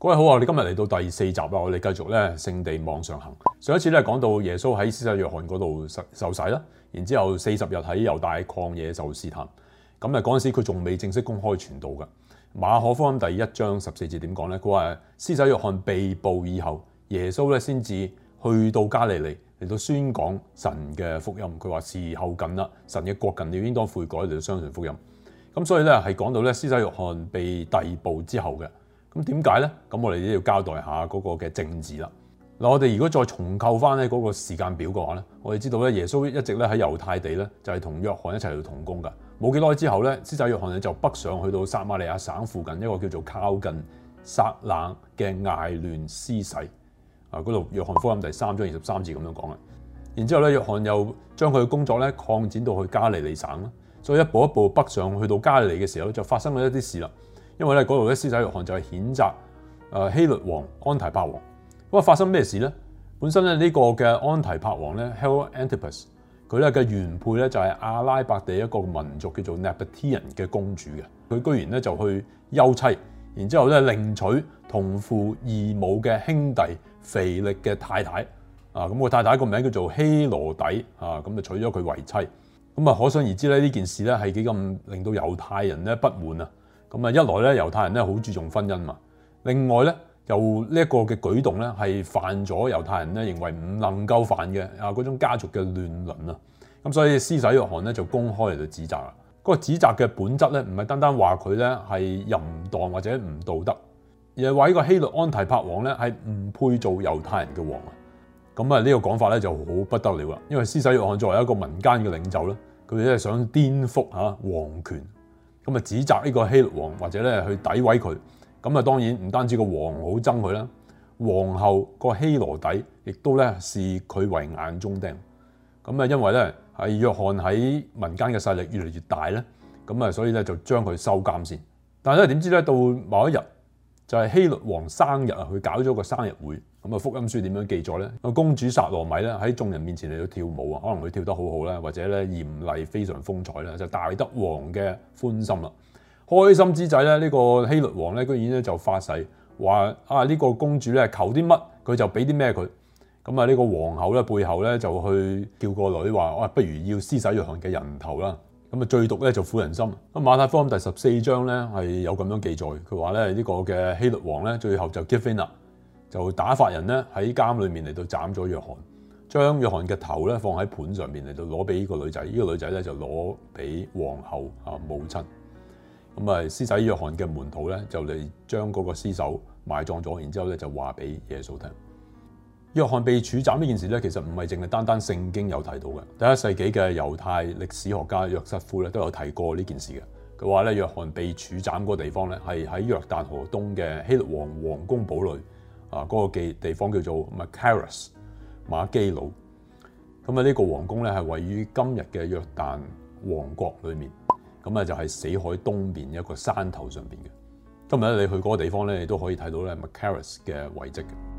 各位好啊！我哋今日嚟到第四集啦，我哋繼續咧聖地網上行。上一次咧講到耶穌喺施洗約翰嗰度受洗啦，然之後四十日喺猶大曠野受試探。咁啊嗰陣時佢仲未正式公開傳道嘅。馬可福音第一章十四節點講咧？佢話施洗約翰被捕以後，耶穌咧先至去到加利利嚟到宣講神嘅福音。佢話時候近啦，神嘅國近要，應當悔改嚟到相信福音。咁所以咧係講到咧施洗約翰被逮捕之後嘅。咁點解呢？咁我哋都要交代下嗰個嘅政治啦。嗱，我哋如果再重構翻呢嗰個時間表嘅話呢，我哋知道呢，耶穌一直咧喺猶太地呢，就係同約翰一齊做同工㗎。冇幾耐之後呢，先仔約翰呢，就北上去到撒瑪利亞省附近一個叫做靠近撒冷嘅艾亂斯世啊嗰度。約翰福音第三章二十三節咁樣講啦。然之後呢，約翰又將佢嘅工作呢擴展到去加利利省啦。所以一步一步北上去到加利利嘅時候就發生咗一啲事啦。因為咧嗰度咧，施洗約翰就係譴責誒希律王安提帕王。咁啊，發生咩事咧？本身咧呢個嘅安提帕王咧 Herod Antipas，佢咧嘅原配咧就係阿拉伯地一個民族叫做 Nabatean 嘅公主嘅。佢居然咧就去休妻，然之後咧另娶同父異母嘅兄弟腓力嘅太太。啊，咁個太太個名叫做希羅底。啊，咁就娶咗佢為妻。咁啊，可想而知咧呢件事咧係幾咁令到猶太人咧不滿啊！咁啊，一來咧，猶太人咧好注重婚姻嘛。另外咧，由呢一個嘅舉動咧，係犯咗猶太人咧認為唔能夠犯嘅啊嗰種家族嘅亂倫啊。咁所以施洗約翰咧就公開嚟到指責啦。嗰、這個指責嘅本質咧，唔係單單話佢咧係淫蕩或者唔道德，而係話呢個希律安提帕王咧係唔配做猶太人嘅王啊。咁啊，呢個講法咧就好不得了啊，因為施洗約翰作為一個民間嘅領袖咧，佢哋真係想顛覆嚇皇權。咁啊，指責呢個希律王或者咧去詆毀佢，咁啊當然唔單止個王好憎佢啦，皇后個希羅底亦都咧視佢為眼中釘。咁啊，因為咧係約翰喺民間嘅勢力越嚟越大咧，咁啊所以咧就將佢收監先。但係咧點知咧到某一日就係希律王生日啊，佢搞咗個生日會。咁啊，福音書點樣記載咧？公主撒羅米咧喺眾人面前嚟到跳舞啊，可能佢跳得好好咧，或者咧豔麗非常風采咧，就是、大德王嘅歡心啦。開心之際咧，呢、呢個希律王咧居然咧就發誓話啊，呢、呢個公主咧求啲乜，佢就俾啲咩佢。咁啊，呢個皇后咧背後咧就去叫個女話，不如要施洗約翰嘅人頭啦！咁啊，最毒咧就婦人心。咁馬太福音第十四章咧係有咁樣記載，佢話咧呢個嘅希律王咧最後就 give in 啦。就打發人咧喺監裏面嚟到斬咗約翰，將約翰嘅頭咧放喺盤上面嚟到攞俾呢個女仔。呢個女仔咧就攞俾皇后啊母親。咁啊，施洗約翰嘅門徒咧就嚟將嗰個屍首埋葬咗，然之後咧就話俾耶穌聽。約翰被處斬呢件事咧，其實唔係淨係單單聖經有提到嘅。第一世紀嘅猶太歷史學家約瑟夫咧都有提過呢件事嘅。佢話咧約翰被處斬嗰地方咧係喺約旦河東嘅希律王皇宮堡內。啊，嗰個地方叫做 Macaros 馬基魯，咁啊呢個王宮咧係位於今日嘅約旦王國裏面，咁啊就係、是、死海東邊一個山頭上邊嘅。今日你去嗰個地方咧，你都可以睇到咧 Macaros 嘅遺跡嘅。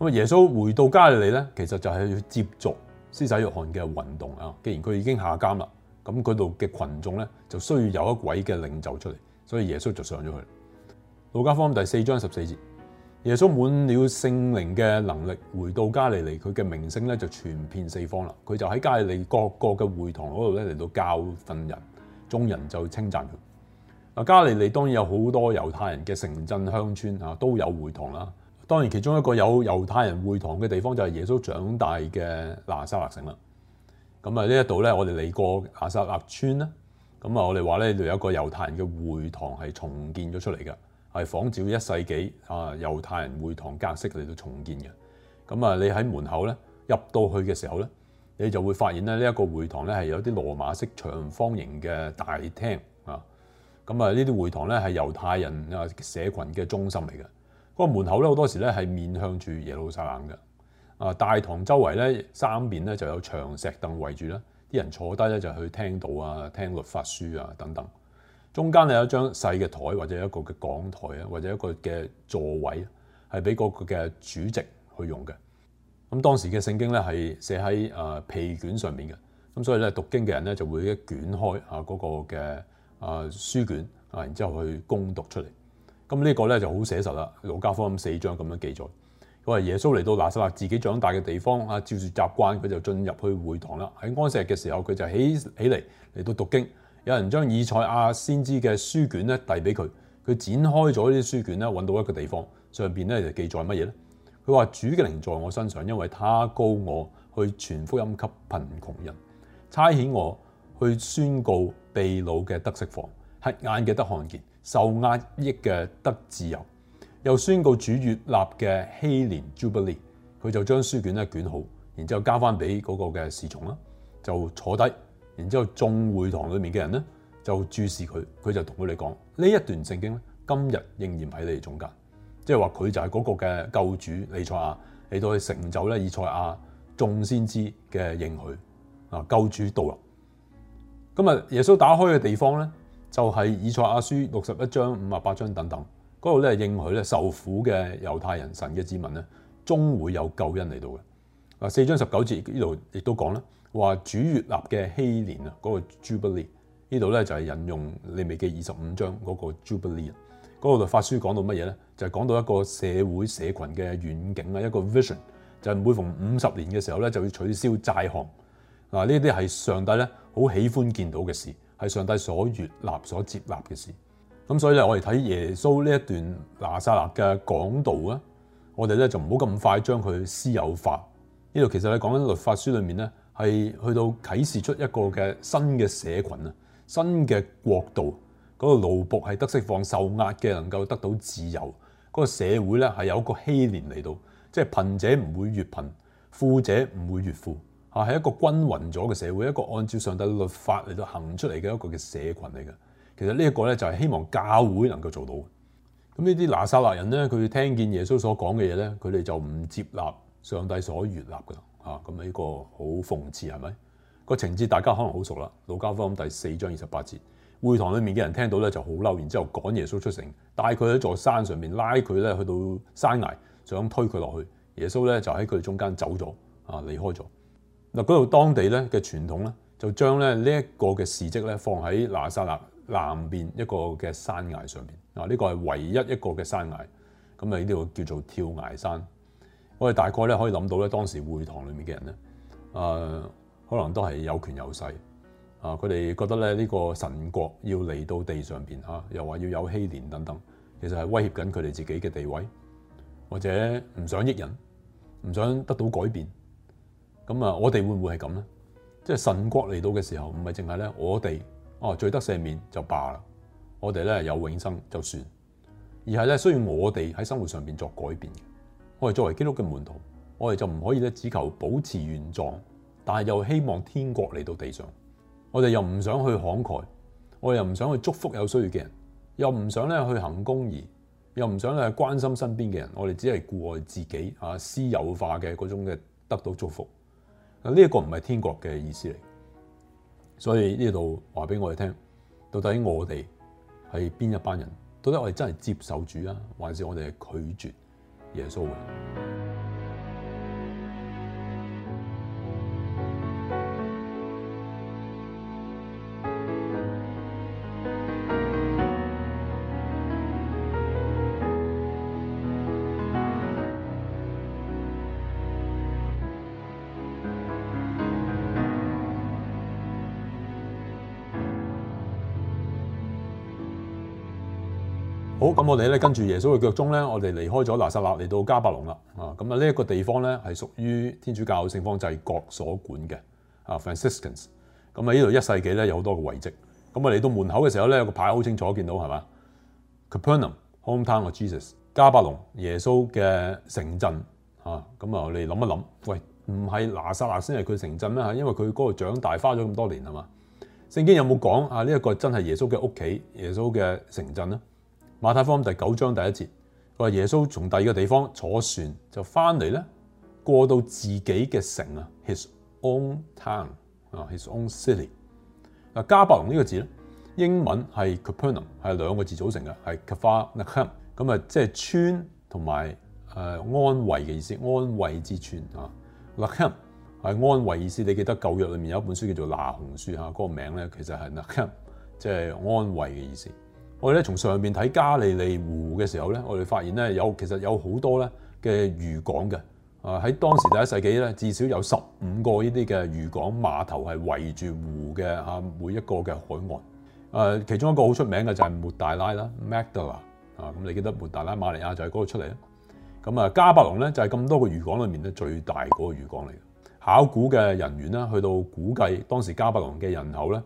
咁啊，耶穌回到加利利咧，其實就係要接續施洗約翰嘅運動啊。既然佢已經下監啦，咁嗰度嘅群眾咧就需要有一位嘅領袖出嚟，所以耶穌就上咗去。路加福音第四章十四節，耶穌滿了聖靈嘅能力，回到加利利，佢嘅名聲咧就傳遍四方啦。佢就喺加利利各個嘅會堂嗰度咧嚟到教訓人，眾人就稱讚佢。啊，加利利當然有好多猶太人嘅城鎮鄉村啊，都有會堂啦。當然，其中一個有猶太人會堂嘅地方就係耶穌長大嘅拿撒勒城啦。咁啊，呢一度咧，我哋嚟過拿撒勒村啦。咁啊，我哋話呢度有一個猶太人嘅會堂係重建咗出嚟嘅，係仿照一世紀啊猶太人會堂格式嚟到重建嘅。咁啊，你喺門口咧，入到去嘅時候咧，你就會發現咧呢一個會堂咧係有啲羅馬式長方形嘅大廳啊。咁啊，呢啲會堂咧係猶太人啊社群嘅中心嚟嘅。個門口咧好多時咧係面向住耶路撒冷嘅啊！大堂周圍咧三邊咧就有長石凳圍住啦，啲人坐低咧就去聽道啊、聽律法書啊等等。中間係有一張細嘅台或者一個嘅講台啊，或者一個嘅座位，係俾個嘅主席去用嘅。咁當時嘅聖經咧係寫喺誒皮卷上面嘅，咁所以咧讀經嘅人咧就會一捲開啊嗰個嘅啊書卷啊，然之後去攻讀出嚟。咁呢個咧就好寫實啦，《路加福音》四章咁樣記載：佢話耶穌嚟到拿撒勒自己長大嘅地方啊，照住習慣佢就進入去會堂啦。喺安息日嘅時候，佢就起起嚟嚟到讀經。有人將以賽亞先知嘅書卷咧遞俾佢，佢展開咗呢啲書卷咧，揾到一個地方，上邊咧就記載乜嘢咧？佢話：主嘅靈在我身上，因為他膏我去傳福音給貧窮人，差遣我去宣告被擄嘅得釋放，瞎眼嘅得看見。受壓抑嘅得自由，又宣告主悅納嘅禧年 Jubilee，佢就將書卷咧捲好，然之後交翻俾嗰個嘅侍從啦，就坐低，然之後眾會堂裏面嘅人咧就注視佢，佢就同佢哋講呢一段聖經咧，今日仍然喺你哋中間，即係話佢就係嗰個嘅救主利賽亞，嚟到去成就咧以賽亞眾先知嘅應許啊，救主到喇，咁啊耶穌打開嘅地方咧。就係以賽亞書六十一章、五十八章等等，嗰度咧應許咧受苦嘅猶太人、神嘅子民咧，終會有救恩嚟到嘅。嗱，四章十九節呢度亦都講啦，話主悅納嘅禧年啊，嗰、那個 Jubilee，呢度咧就係引用利未記二十五章嗰個 Jubilee，嗰度就發書講到乜嘢咧？就係、是、講到一個社會社群嘅遠景啊，一個 vision，就係每逢五十年嘅時候咧，就要取消債項。嗱，呢啲係上帝咧好喜歡見到嘅事。係上帝所悅納、所接納嘅事，咁所以咧，我哋睇耶穌呢一段拿撒勒嘅講道啊，我哋咧就唔好咁快將佢私有化。呢度其實你講緊律法書裏面咧，係去到啟示出一個嘅新嘅社群啊，新嘅國度，嗰個奴僕係得釋放受壓嘅，能夠得到自由。嗰個社會咧係有一個禧年嚟到，即係貧者唔會越貧，富者唔會越富。啊，係一個均勻咗嘅社會，一個按照上帝律法嚟到行出嚟嘅一個嘅社群嚟嘅。其實呢一個咧就係希望教會能夠做到。咁呢啲拿撒勒人咧，佢聽見耶穌所講嘅嘢咧，佢哋就唔接納上帝所預立㗎啦。吓，咁呢個好諷刺係咪？個情節大家可能好熟啦，《路加福音》第四章二十八節，會堂裏面嘅人聽到咧就好嬲，然之後趕耶穌出城，帶佢喺座山上面拉佢咧去到山崖，想推佢落去。耶穌咧就喺佢哋中間走咗啊，離開咗。嗱，嗰度當地咧嘅傳統咧，就將咧呢一個嘅事蹟咧放喺拿撒勒南邊一個嘅山崖上邊。啊，呢個係唯一一個嘅山崖。咁啊，呢度叫做跳崖山。我哋大概咧可以諗到咧，當時會堂裏面嘅人咧，誒可能都係有權有勢。啊，佢哋覺得咧呢個神國要嚟到地上邊啊，又話要有禧年等等，其實係威脅緊佢哋自己嘅地位，或者唔想益人，唔想得到改變。咁啊，我哋會唔會係咁呢？即係神國嚟到嘅時候，唔係淨係咧我哋哦、啊，罪得赦免就罷啦。我哋咧有永生就算，而係咧需要我哋喺生活上邊作改變嘅。我哋作為基督嘅門徒，我哋就唔可以咧只求保持原狀，但係又希望天國嚟到地上。我哋又唔想去慷慨，我哋又唔想去祝福有需要嘅人，又唔想咧去行公義，又唔想咧去關心身邊嘅人。我哋只係顧愛自己嚇私有化嘅嗰種嘅得到祝福。呢一個唔係天國嘅意思嚟，所以呢度話俾我哋聽，到底我哋係邊一班人？到底我哋真係接受主啊，還是我哋係拒絕耶穌？好咁，我哋咧跟住耶穌嘅腳蹤咧，我哋離開咗拿撒勒，嚟到迦百農啦。啊，咁啊，呢一個地方咧係屬於天主教聖方濟各所管嘅啊。Franciscans。咁啊，呢度一世紀咧有好多嘅遺跡。咁啊，嚟到門口嘅時候咧，有個牌好清楚，見到係嘛 Capernaum hometown of Jesus，迦百農耶穌嘅城鎮啊。咁啊，我哋諗一諗，喂，唔係拿撒勒先係佢城鎮咩？因為佢嗰度長大花咗咁多年係嘛？聖經有冇講啊？呢一個真係耶穌嘅屋企，耶穌嘅城鎮咧？馬太福音第九章第一節，佢話耶穌從第二個地方坐船就翻嚟咧，過到自己嘅城啊，his own town 啊，his own city。嗱，迦百農呢個字咧，英文係 Capernaum，係兩個字組成嘅，係 Kapha Nakham。咁啊，即係村同埋誒安慰嘅意思，安慰之村啊。Nakham 係安慰意思，你記得舊約裏面有一本書叫做拿紅書啊，嗰、嗰個名咧其實係 Nakham，即係安慰嘅意思。我哋咧從上面睇加利利湖嘅時候咧，我哋發現咧有其實有好多咧嘅漁港嘅，啊喺當時第一世紀咧，至少有十五個呢啲嘅漁港碼頭係圍住湖嘅啊，每一個嘅海岸。誒其中一個好出名嘅就係抹大拉啦，Magdala 啊，咁你記得抹大拉馬利亞就係嗰度出嚟。咁啊迦百農咧就係咁多個漁港裏面咧最大嗰個漁港嚟嘅。考古嘅人員呢，去到估計當時迦百農嘅人口咧，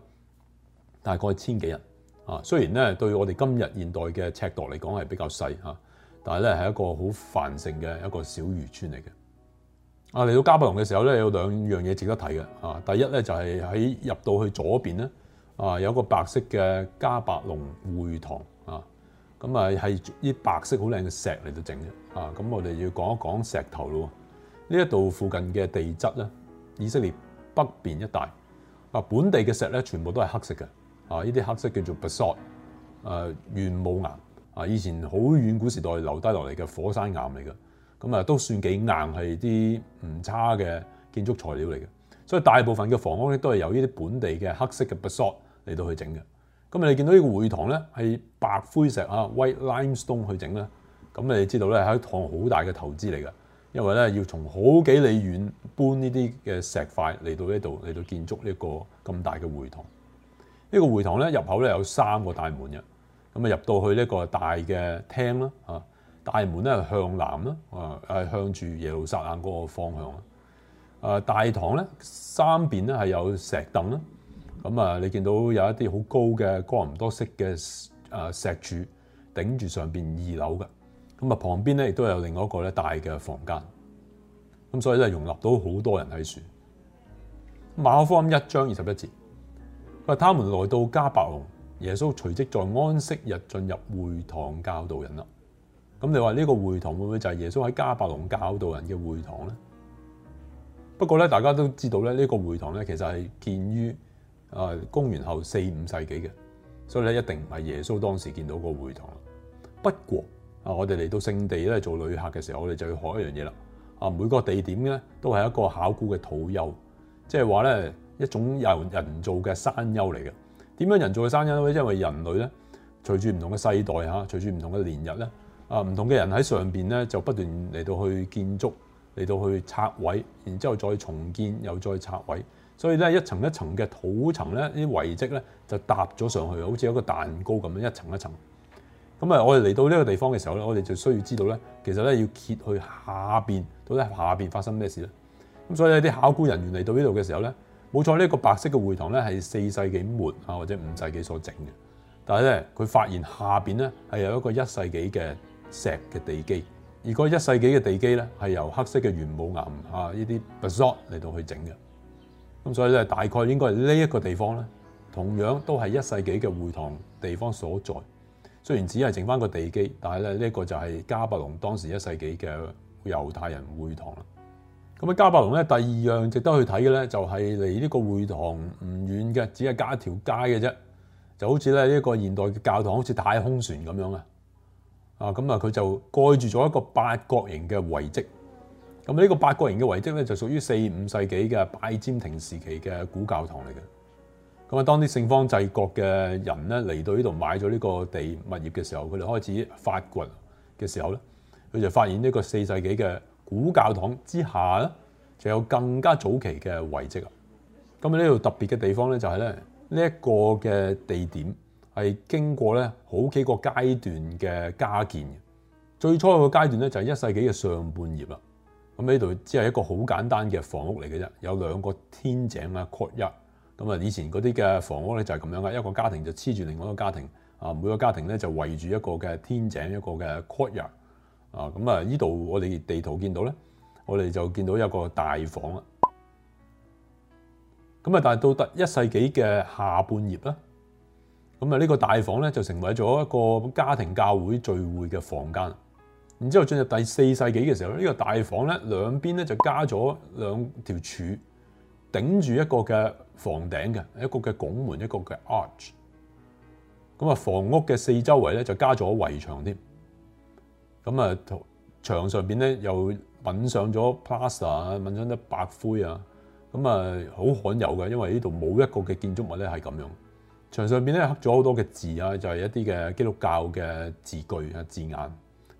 大概千幾人。啊，雖然咧對我哋今日現代嘅尺度嚟講係比較細嚇，但係咧係一個好繁盛嘅一個小漁村嚟嘅。啊嚟到迦百農嘅時候咧，有兩樣嘢值得睇嘅嚇。第一咧就係喺入到去左邊咧啊，有個白色嘅迦百農會堂啊，咁啊係啲白色好靚嘅石嚟到整嘅啊。咁我哋要講一講石頭咯。呢一度附近嘅地質咧，以色列北邊一帶啊，本地嘅石咧全部都係黑色嘅。啊！呢啲黑色叫做 basalt，原、啊、玄武岩，啊以前好遠古時代留低落嚟嘅火山岩嚟嘅，咁啊都算幾硬，係啲唔差嘅建築材料嚟嘅。所以大部分嘅房屋咧都係由呢啲本地嘅黑色嘅 basalt 嚟到去整嘅。咁你見到呢個會堂咧係白灰石啊，white limestone 去整咧。咁你知道咧係一趟好大嘅投資嚟嘅，因為咧要從好幾里遠搬呢啲嘅石塊嚟到呢度嚟到建築呢個咁大嘅會堂。呢個會堂咧入口咧有三個大門嘅，咁啊入到去呢個大嘅廳啦，啊大門咧向南啦，啊係向住耶路撒冷嗰個方向啊，啊大堂咧三邊咧係有石凳啦，咁啊你見到有一啲好高嘅哥林多式嘅啊石柱頂住上邊二樓嘅，咁啊旁邊咧亦都有另外一個咧大嘅房間，咁所以咧容納到好多人喺處。馬可福音一章二十一節。佢哋們來到迦百農，耶穌隨即在安息日進入會堂教導人啦。咁你話呢個會堂會唔會就係耶穌喺迦百農教導人嘅會堂咧？不過咧，大家都知道咧，呢個會堂咧其實係建於啊公元後四五世紀嘅，所以咧一定唔係耶穌當時見到個會堂。不過啊，我哋嚟到聖地咧做旅客嘅時候，我哋就要學一樣嘢啦。啊，每個地點咧都係一個考古嘅土丘，即係話咧。一種由人造嘅山丘嚟嘅，點樣人造嘅山丘咧？因為人類咧，隨住唔同嘅世代嚇，隨住唔同嘅年日咧，啊唔同嘅人喺上邊咧就不斷嚟到去建築，嚟到去拆毀，然之後再重建，又再拆毀。所以咧一層一層嘅土層咧，啲遺跡咧就搭咗上去，好似有個蛋糕咁樣一層一層。咁啊，我哋嚟到呢個地方嘅時候咧，我哋就需要知道咧，其實咧要揭去下邊到底下邊發生咩事咧。咁所以啲考古人員嚟到呢度嘅時候咧。好彩呢一個白色嘅會堂咧，係四世紀末啊，或者五世紀所整嘅。但係咧，佢發現下面咧係有一個一世紀嘅石嘅地基。而個一世紀嘅地基咧係由黑色嘅玄武岩啊，依啲 basalt 嚟到去整嘅。咁所以咧，大概應該係呢一個地方咧，同樣都係一世紀嘅會堂地方所在。雖然只係剩翻個地基，但係咧呢一個就係迦百農當時一世紀嘅猶太人會堂啦。咁啊，加百隆咧，第二樣值得去睇嘅咧，就係離呢個會堂唔遠嘅，只係加一條街嘅啫，就好似咧呢個現代嘅教堂，好似太空船咁樣啊！啊，咁、嗯、啊，佢就蓋住咗一個八角形嘅遺跡。咁、嗯、呢、這個八角形嘅遺跡咧，就屬於四五世紀嘅拜占庭時期嘅古教堂嚟嘅。咁、嗯、啊、嗯，當啲聖方濟國嘅人咧嚟到呢度買咗呢個地物業嘅時候，佢哋開始發掘嘅時候咧，佢就發現呢個四世紀嘅。古教堂之下咧，就有更加早期嘅遺跡啊！咁啊，呢度特別嘅地方咧，就是，就係咧呢一個嘅地點係經過咧好幾個階段嘅加建嘅。最初個階段咧就係一世紀嘅上半葉啦。咁呢度只係一個好簡單嘅房屋嚟嘅啫，有兩個天井啊，courtyard。咁啊，以前嗰啲嘅房屋咧就係咁樣嘅：一個家庭就黐住另外一個家庭啊，每個家庭咧就圍住一個嘅天井一個嘅 courtyard。啊，咁啊，依度我哋地圖見到咧，我哋就見到有個大房啦。咁啊，但係到咗一世紀嘅下半葉啦，咁啊，呢個大房咧就成為咗一個家庭教會聚會嘅房間。然之後進入第四世紀嘅時候呢，呢個大房咧兩邊咧就加咗兩條柱，頂住一個嘅房頂嘅，一個嘅拱門，一個嘅 arch。咁啊，房屋嘅四周圍咧就加咗圍牆添。咁啊，牆上邊咧又印上咗 plaster 啊，印上啲白灰啊。咁啊，好罕有嘅，因為呢度冇一個嘅建築物咧係咁樣。牆上邊咧刻咗好多嘅字啊，就係一啲嘅基督教嘅字句啊、字眼，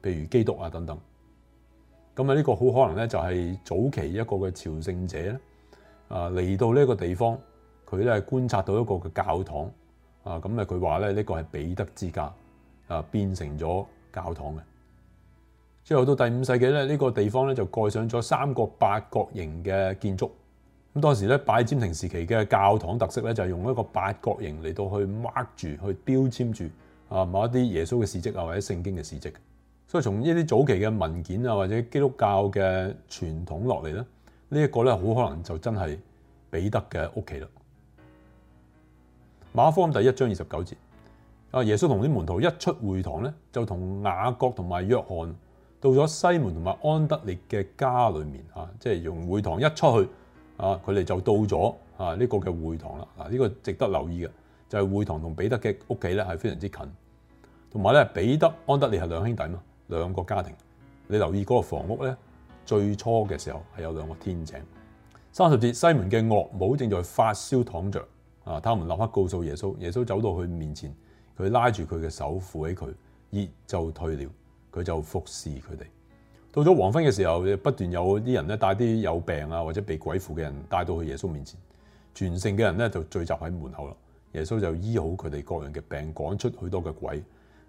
譬如基督啊等等。咁啊，呢個好可能咧就係早期一個嘅朝聖者啊嚟到呢個地方，佢咧觀察到一個嘅教堂啊。咁啊，佢話咧呢個係彼得之家啊，變成咗教堂嘅。之後到第五世紀咧，呢個地方咧就蓋上咗三個八角形嘅建築。咁當時咧拜占庭時期嘅教堂特色咧就係用一個八角形嚟到去 mark 住、去標籤住啊某一啲耶穌嘅事蹟啊或者聖經嘅事蹟。所以從呢啲早期嘅文件啊或者基督教嘅傳統落嚟咧，呢一個咧好可能就真係彼得嘅屋企啦。馬可第一章二十九節啊，耶穌同啲門徒一出會堂咧，就同雅各同埋約翰。到咗西門同埋安德烈嘅家裏面啊，即係用會堂一出去啊，佢哋就到咗啊呢個嘅會堂啦。呢個值得留意嘅就係會堂同彼得嘅屋企咧係非常之近，同埋咧彼得安德烈係兩兄弟嘛，兩個家庭。你留意嗰個房屋咧，最初嘅時候係有兩個天井。三十節西門嘅岳母正在發燒躺着啊，他們立刻告訴耶穌，耶穌走到佢面前，佢拉住佢嘅手扶起佢，熱就退了。佢就服侍佢哋。到咗黃昏嘅時候，不斷有啲人咧帶啲有病啊，或者被鬼附嘅人帶到去耶穌面前。全城嘅人咧就聚集喺門口啦。耶穌就醫好佢哋各樣嘅病，趕出許多嘅鬼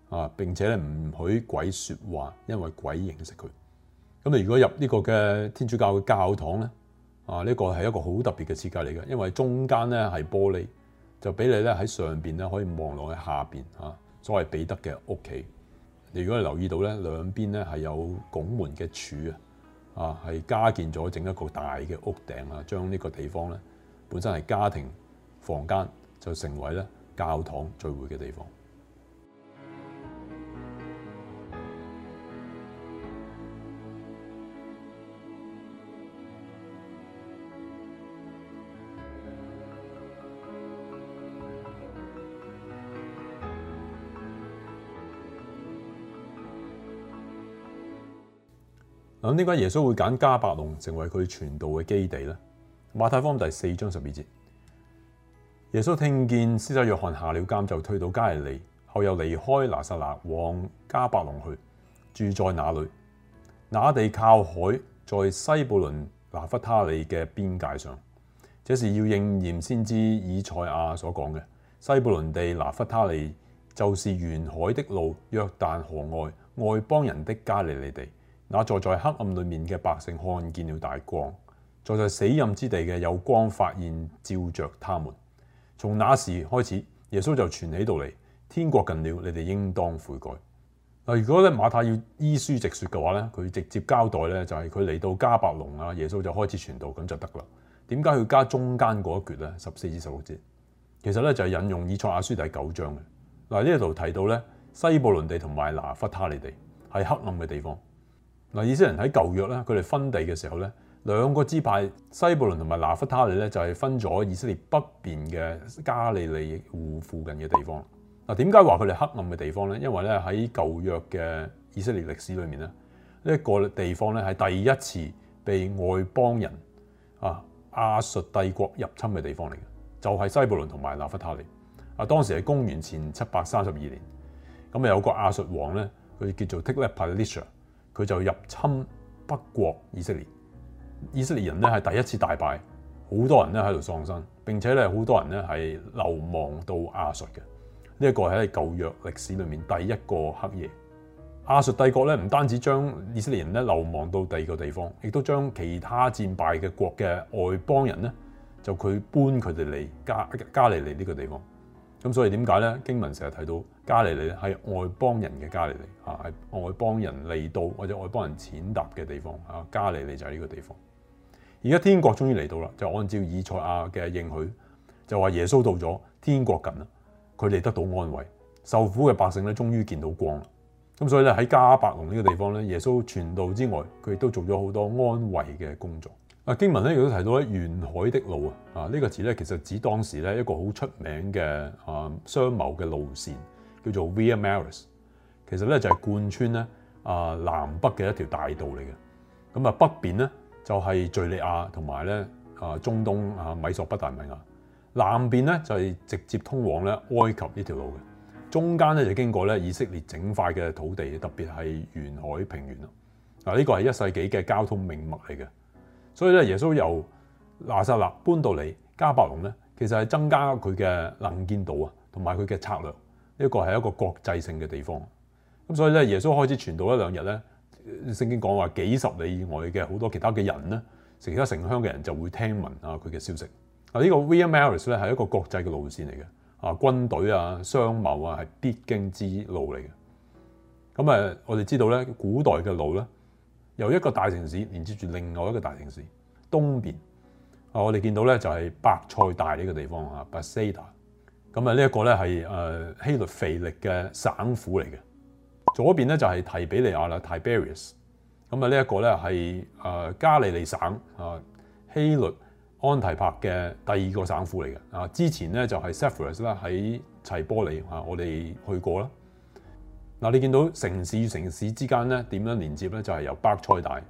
啊，並且咧唔許鬼說話，因為鬼認識佢。咁你如果入呢個嘅天主教嘅教堂咧，啊、這、呢個係一個好特別嘅設計嚟嘅，因為中間咧係玻璃，就俾你咧喺上邊咧可以望落去下邊啊，所謂彼得嘅屋企。你如果你留意到咧，兩邊咧係有拱門嘅柱啊，啊係加建咗整一個大嘅屋頂啊，將呢個地方咧本身係家庭房間就成為咧教堂聚會嘅地方。咁點解耶穌會揀迦百農成為佢傳道嘅基地呢？馬太福音第四章十二節，耶穌聽見施洗約翰下了監，就退到加利利，後又離開拿撒勒，往迦百農去，住在那裏，那地靠海，在西布倫拿弗他利嘅邊界上。這是要應驗先知以賽亞所講嘅：西布倫地拿弗他利，就是沿海的路約旦河外外邦人的加利利地。那坐在黑暗裏面嘅百姓看見了大光，坐在死蔭之地嘅有光發現照着他們。從那時開始，耶穌就傳起道嚟：天國近了，你哋應當悔改。嗱，如果咧馬太要依書直説嘅話咧，佢直接交代咧就係佢嚟到迦百農啊，耶穌就開始傳道咁就得啦。點解要加中間嗰一橛咧？十四至十六節其實咧就係引用以賽亞書第九章嘅。嗱，呢度提到咧西布倫地同埋拿弗他利地係黑暗嘅地方。嗱，以色列人喺舊約咧，佢哋分地嘅時候咧，兩個支派西布倫同埋拿弗他利咧，就係、是、分咗以色列北邊嘅加利利湖附近嘅地方。嗱，點解話佢哋黑暗嘅地方咧？因為咧喺舊約嘅以色列歷史裏面咧，呢、這、一個地方咧係第一次被外邦人啊亞述帝國入侵嘅地方嚟嘅，就係、是、西布倫同埋拿弗他利。啊，當時係公元前七百三十二年，咁啊有一個亞述王咧，佢叫做 Tiglath-Pileser。佢就入侵北國以色列，以色列人咧係第一次大敗，好多人咧喺度喪生，並且咧好多人咧係流亡到亞述嘅。呢、這、一個係喺舊約歷史裏面第一個黑夜。亞述帝國咧唔單止將以色列人咧流亡到第二個地方，亦都將其他戰敗嘅國嘅外邦人咧就佢搬佢哋嚟加加利利呢個地方。咁所以點解咧？經文成日提到加利利係外邦人嘅加利利，嚇係外邦人嚟到或者外邦人踐踏嘅地方，嚇加利利就係呢個地方。而家天國終於嚟到啦，就按照以賽亞嘅應許，就話耶穌到咗，天國近啦，佢哋得到安慰，受苦嘅百姓咧終於見到光啦。咁所以咧喺迦百農呢個地方咧，耶穌傳道之外，佢亦都做咗好多安慰嘅工作。啊經文咧亦都提到咧沿海的路啊啊呢個字咧其實指當時咧一個好出名嘅啊商貿嘅路線叫做 Via Maris 其實咧就係貫穿咧啊南北嘅一條大道嚟嘅。咁啊北邊咧就係敍利亞同埋咧啊中東啊米索不達米亞，南邊咧就係直接通往咧埃及呢條路嘅。中間咧就經過咧以色列整塊嘅土地，特別係沿海平原啊。嗱、這、呢個係一世紀嘅交通命脈嚟嘅。所以咧，耶穌由拿撒勒搬到嚟迦百農咧，其實係增加佢嘅能見度啊，同埋佢嘅策略。呢個係一個國際性嘅地方。咁所以咧，耶穌開始傳道一兩日咧，聖經講話幾十里以外嘅好多其他嘅人咧，其他城鄉嘅人就會聽聞啊佢嘅消息。嗱，呢個 Via Maris 咧係一個國際嘅路線嚟嘅，啊，軍隊啊、商貿啊係必經之路嚟嘅。咁誒，我哋知道咧，古代嘅路咧。由一個大城市連接住另外一個大城市，東邊啊，我哋見到咧就係伯賽大呢個地方嚇，Bethsaida。咁啊呢一個咧係誒希律腓力嘅省府嚟嘅。左邊咧就係提比利亞啦，Tiberius。咁啊呢一個咧係誒加利利省啊希律安提帕嘅第二個省府嚟嘅。啊之前咧就係 Sepphoris 啦，喺齊波利嚇，我哋去過啦。嗱，你見到城市與城市之間咧點樣連接咧？就係由伯賽大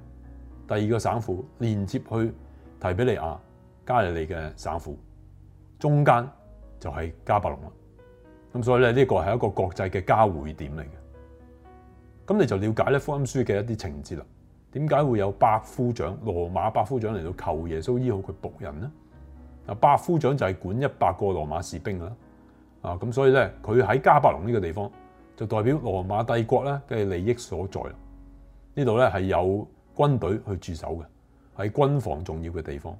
第二個省府連接去提比利亞加利利嘅省府，中間就係迦百農啦。咁所以咧呢個係一個國際嘅交匯點嚟嘅。咁你就了解咧福音書嘅一啲情節啦。點解會有百夫長羅馬百夫長嚟到求耶穌醫好佢僕人呢？嗱，百夫長就係管一百個羅馬士兵㗎啦。啊，咁所以咧佢喺迦百農呢個地方。就代表羅馬帝國咧嘅利益所在。呢度咧係有軍隊去駐守嘅，喺軍防重要嘅地方。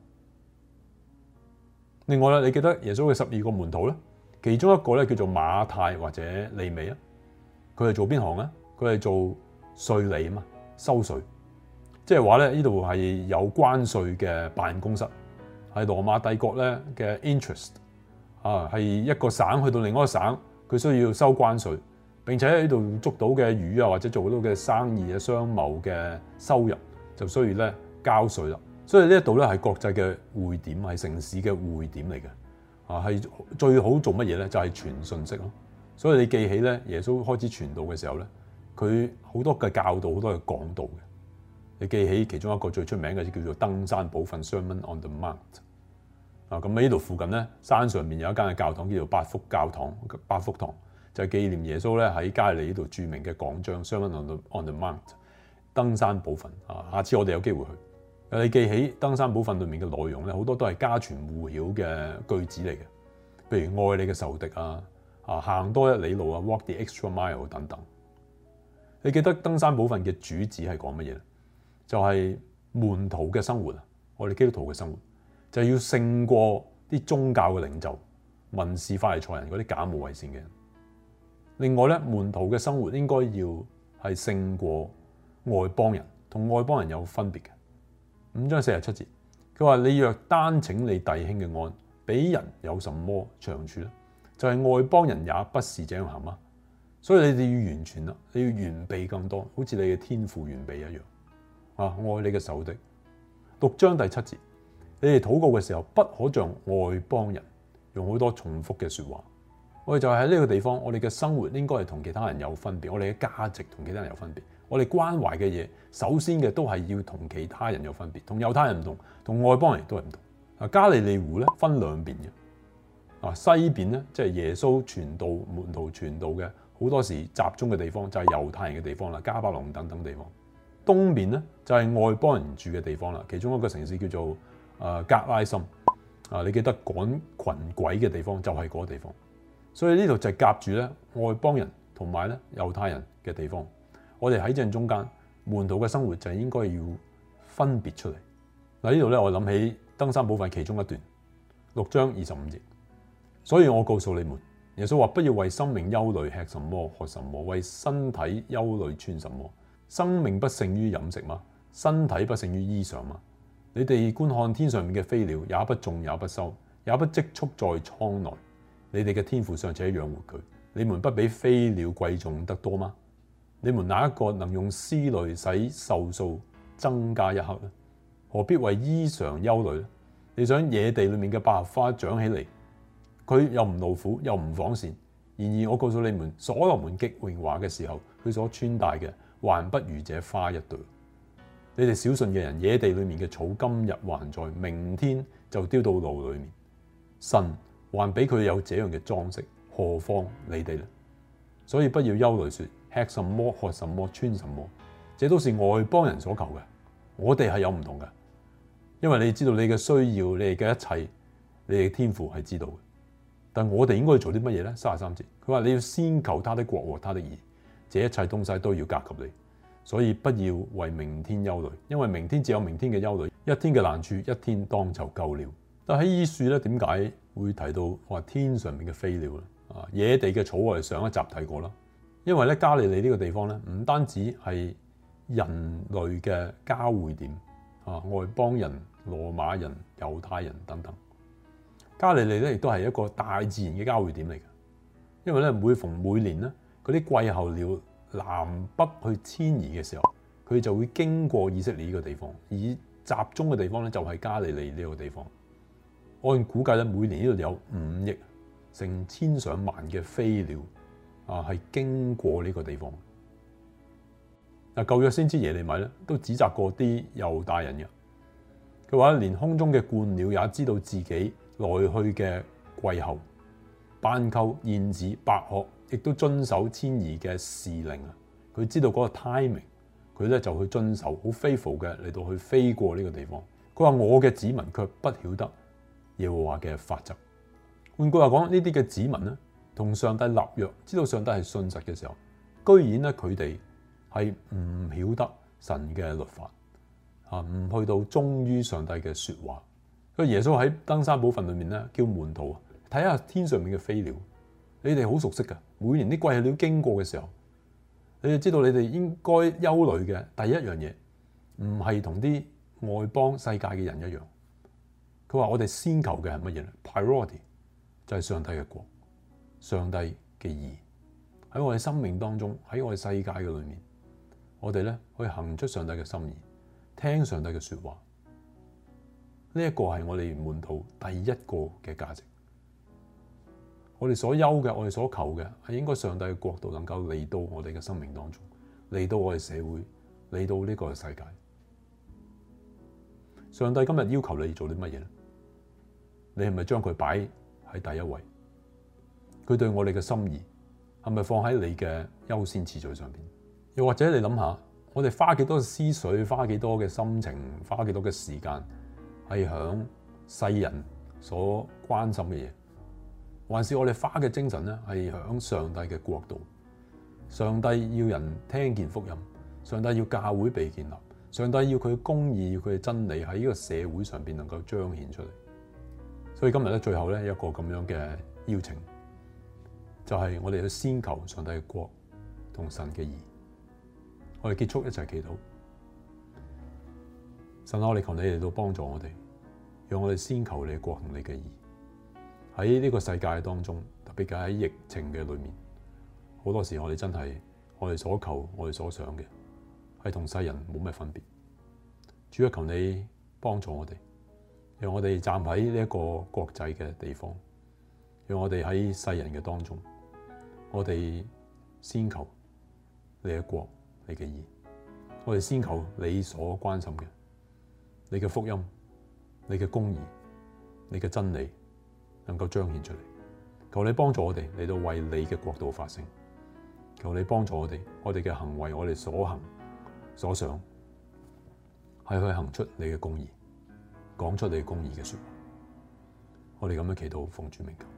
另外啦，你記得耶穌嘅十二個門徒咧，其中一個咧叫做馬太或者利未啊。佢係做邊行啊？佢係做稅吏啊嘛，收稅。即係話咧，呢度係有關稅嘅辦公室，喺羅馬帝國咧嘅 interest 啊，係一個省去到另一個省，佢需要收關稅。並且喺呢度捉到嘅魚啊，或者做好多嘅生意嘅商貿嘅收入，就需要咧交稅啦。所以呢一度咧係國際嘅匯點，係城市嘅匯點嚟嘅。啊，係最好做乜嘢咧？就係傳信息咯。所以你記起咧，耶穌開始傳道嘅時候咧，佢好多嘅教導，好多嘅講道嘅。你記起其中一個最出名嘅就叫做登山寶訓 （Sermon on the Mount）。啊，咁喺呢度附近咧，山上面有一間嘅教堂叫做八福教堂、八福堂。就紀念耶穌咧喺加利呢度著名嘅講章，相關喺度 on the mount 登山保訓啊。下次我哋有機會去。你記起登山保訓裏面嘅內容咧，好多都係家傳戶曉嘅句子嚟嘅，譬如愛你嘅仇敵啊，啊行多一里路啊，walk the extra mile 等等。你記得登山保訓嘅主旨係講乜嘢咧？就係、是、門徒嘅生活，我哋基督徒嘅生活就是、要勝過啲宗教嘅領袖、民事法利賽人嗰啲假冒為善嘅另外咧，門徒嘅生活應該要係勝過外邦人，同外邦人有分別嘅。五章四十七節，佢話：你若單請你弟兄嘅安，俾人有什麼長處咧？就係、是、外邦人也不是這樣行嘛。所以你哋要完全啦，你要完備更多，好似你嘅天父完備一樣啊！愛你嘅仇敵。六章第七節，你哋禱告嘅時候，不可像外邦人用好多重複嘅說話。我哋就喺呢個地方，我哋嘅生活應該係同其他人有分別，我哋嘅價值同其他人有分別，我哋關懷嘅嘢首先嘅都係要同其他人有分別，同猶太人唔同，同外邦人亦都係唔同。啊，加利利湖咧分兩邊嘅，啊，西邊咧即係耶穌傳道、門徒傳道嘅好多時集中嘅地方就係猶太人嘅地方啦，迦百農等等地方。東邊咧就係外邦人住嘅地方啦，其中一個城市叫做啊格拉森啊，你記得趕群鬼嘅地方就係嗰個地方。所以呢度就係夾住咧外邦人同埋咧猶太人嘅地方，我哋喺正中間，門徒嘅生活就應該要分別出嚟。嗱呢度咧，我諗起登山寶訓其中一段，六章二十五節。所以我告訴你們，耶穌話：不要為生命憂慮，吃什麼，喝什麼；為身體憂慮，穿什麼。生命不勝於飲食嗎？身體不勝於衣裳嗎？你哋觀看天上面嘅飛鳥，也不種，也不收，也不積蓄在倉內。你哋嘅天父尚且養活佢，你們不比飛鳥貴重得多嗎？你們哪一個能用思慮使壽數增加一刻呢？何必為衣裳憂慮呢？你想野地裏面嘅百合花長起嚟，佢又唔勞苦又唔紡線，然而我告訴你們，所羅門極榮華嘅時候，佢所穿戴嘅還不如這花一朵。你哋小信嘅人，野地裏面嘅草今日還在，明天就丟到爐裏面。神，還俾佢有這樣嘅裝飾，何況你哋呢？所以不要憂慮，說吃什麼、喝什麼、穿什麼，這都是外邦人所求嘅。我哋係有唔同嘅，因為你知道你嘅需要，你嘅一切，你嘅天賦係知道嘅。但我哋應該做啲乜嘢呢？三十三節，佢話你要先求他的國和他的義，這一切東西都要加給你。所以不要為明天憂慮，因為明天只有明天嘅憂慮，一天嘅難處一天當就夠了。但喺醫書呢，點解？會提到話天上面嘅飛鳥啦，啊野地嘅草我哋上一集睇過啦，因為咧加利利呢個地方咧唔單止係人類嘅交匯點，啊外邦人、羅馬人、猶太人等等，加利利咧亦都係一個大自然嘅交匯點嚟嘅，因為咧每逢每年咧嗰啲季候鳥南北去遷移嘅時候，佢就會經過以色列呢個地方，而集中嘅地方咧就係加利利呢個地方。按估計咧，每年呢度有五億成千上萬嘅飛鳥啊，係經過呢個地方。嗱，舊約先知耶利米咧，都指責過啲猶大人嘅。佢話：連空中嘅鸛鳥也知道自己來去嘅季候，斑鳩、燕子、白鶴，亦都遵守遷移嘅時令啊。佢知道嗰個 timing，佢咧就會遵守好 faithful 嘅嚟到去飛過呢個地方。佢話：我嘅子民卻不曉得。耶和華嘅法則，換句話講，呢啲嘅子民咧，同上帝立約，知道上帝係信實嘅時候，居然咧佢哋係唔曉得神嘅律法，吓唔去到忠於上帝嘅說話。所以耶穌喺登山寶訓裡面咧，叫門徒啊，睇下天上面嘅飛鳥，你哋好熟悉噶，每年啲季候鳥經過嘅時候，你就知道你哋應該憂慮嘅第一樣嘢，唔係同啲外邦世界嘅人一樣。佢話我哋先求嘅係乜嘢咧？Priority 就係上帝嘅國，上帝嘅義喺我哋生命當中，喺我哋世界嘅裏面，我哋咧可以行出上帝嘅心意，聽上帝嘅說話。呢、這、一個係我哋門徒第一個嘅價值。我哋所憂嘅，我哋所求嘅，係應該上帝嘅國度能夠嚟到我哋嘅生命當中，嚟到我哋社會，嚟到呢個世界。上帝今日要求你做啲乜嘢咧？你係咪將佢擺喺第一位？佢對我哋嘅心意係咪放喺你嘅優先次序上邊？又或者你諗下，我哋花幾多嘅思緒、花幾多嘅心情、花幾多嘅時間，係響世人所關心嘅嘢，還是我哋花嘅精神咧係響上帝嘅國度？上帝要人聽見福音，上帝要教會被建立，上帝要佢嘅公義、佢嘅真理喺呢個社會上邊能夠彰顯出嚟。所以今日咧，最後咧一個咁樣嘅邀請，就係、是、我哋去先求上帝嘅國同神嘅義。我哋結束一齊祈禱。神啊，我哋求你嚟到幫助我哋，讓我哋先求你嘅國同你嘅義。喺呢個世界當中，特別喺疫情嘅裏面，好多時候我哋真係我哋所求、我哋所想嘅，係同世人冇咩分別。主啊，求你幫助我哋。讓我哋站喺呢個國際嘅地方，讓我哋喺世人嘅當中，我哋先求你嘅國，你嘅義，我哋先求你所關心嘅，你嘅福音，你嘅公義，你嘅真理，能夠彰顯出嚟。求你幫助我哋嚟到為你嘅國度發聲。求你幫助我哋，我哋嘅行為，我哋所行所想，係去行出你嘅公義。講出你公義嘅説話，我哋咁樣祈禱奉主名求。